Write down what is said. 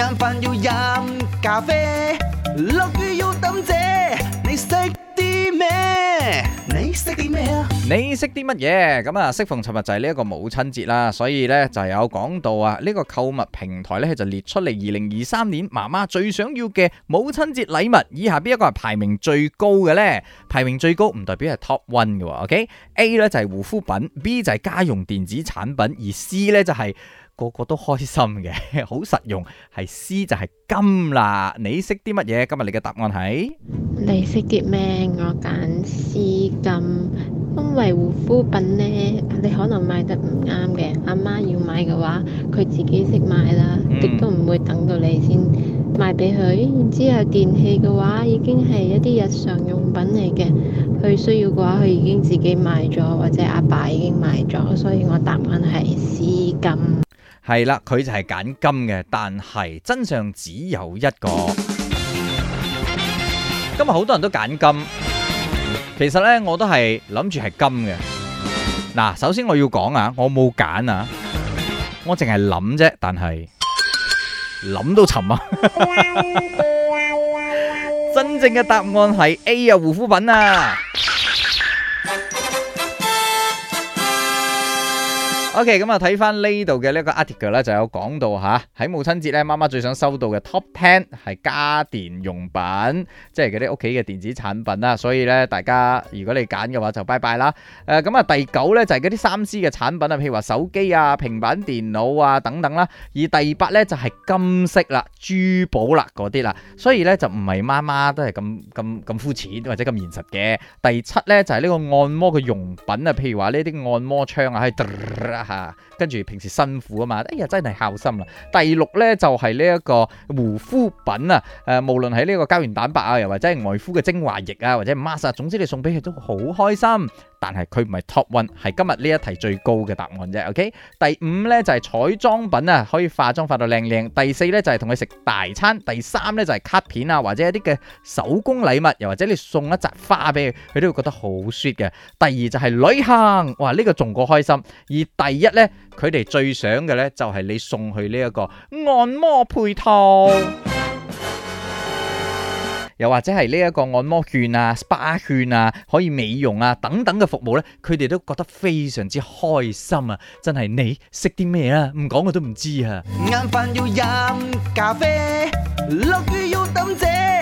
眼飯要飲咖啡，落雨要抌遮，你識啲咩？你識啲咩啊？你識啲乜嘢？咁、嗯、啊，適逢尋日就係呢一個母親節啦，所以咧就有講到啊，呢個購物平台咧就列出嚟二零二三年媽媽最想要嘅母親節禮物，以下邊一個係排名最高嘅咧，排名最高唔代表係 top one 嘅，ok，A 咧就係護膚品，B 就係家用電子產品，而 C 咧就係、是。個個都開心嘅， 好實用。係絲就係金啦。你識啲乜嘢？今日你嘅答案係？你識啲咩？我揀絲金，因為護膚品呢，你可能買得唔啱嘅。阿媽要買嘅話，佢自己識買啦，亦都唔會等到你先賣俾佢。然之後電器嘅話，已經係一啲日常用品嚟嘅。佢需要嘅話，佢已經自己買咗，或者阿爸已經買咗，所以我答案係絲金。係啦，佢就係揀金嘅，但係真相只有一個。今日好多人都揀金，其實呢，我都係諗住係金嘅。嗱，首先我要講啊，我冇揀啊，我淨係諗啫，但係諗都沉啊。真正嘅答案係 A 啊，護膚品啊。O.K. 咁、嗯、啊，睇翻呢度嘅呢個 article 咧，就有講到吓喺、啊、母親節咧，媽媽最想收到嘅 top ten 係家電用品，即係嗰啲屋企嘅電子產品啦。所以咧，大家如果你揀嘅話，就拜拜啦。誒、呃，咁、嗯、啊，第九咧就係嗰啲三 C 嘅產品啊，譬如話手機啊、平板電腦啊等等啦。而第八咧就係、是、金色啦、珠寶啦嗰啲啦。所以咧就唔係媽媽都係咁咁咁膚淺或者咁現實嘅。第七咧就係、是、呢個按摩嘅用品啊，譬如話呢啲按摩槍啊。啊，跟住平時辛苦啊嘛，哎呀真係孝心啦。第六呢，就係呢一個護膚品啊，誒、呃，無論係呢個膠原蛋白啊，又或者外敷嘅精華液啊，或者 mask 啊，總之你送俾佢都好開心。但係佢唔係 top one，係今日呢一題最高嘅答案啫。OK，第五呢就係彩妝品啊，可以化妝化到靚靚。第四呢就係同佢食大餐，第三呢就係卡片啊或者一啲嘅手工禮物，又或者你送一扎花俾佢，佢都會覺得好 sweet 嘅。第二就係旅行，哇呢個仲過開心。而第一呢，佢哋最想嘅呢，就係你送去呢一個按摩配套。又或者係呢一個按摩券啊、SPA 券啊，可以美容啊等等嘅服務咧，佢哋都覺得非常之開心啊！真係你識啲咩啊？唔講我都唔知啊！飯要飲咖啡，落雨要等姐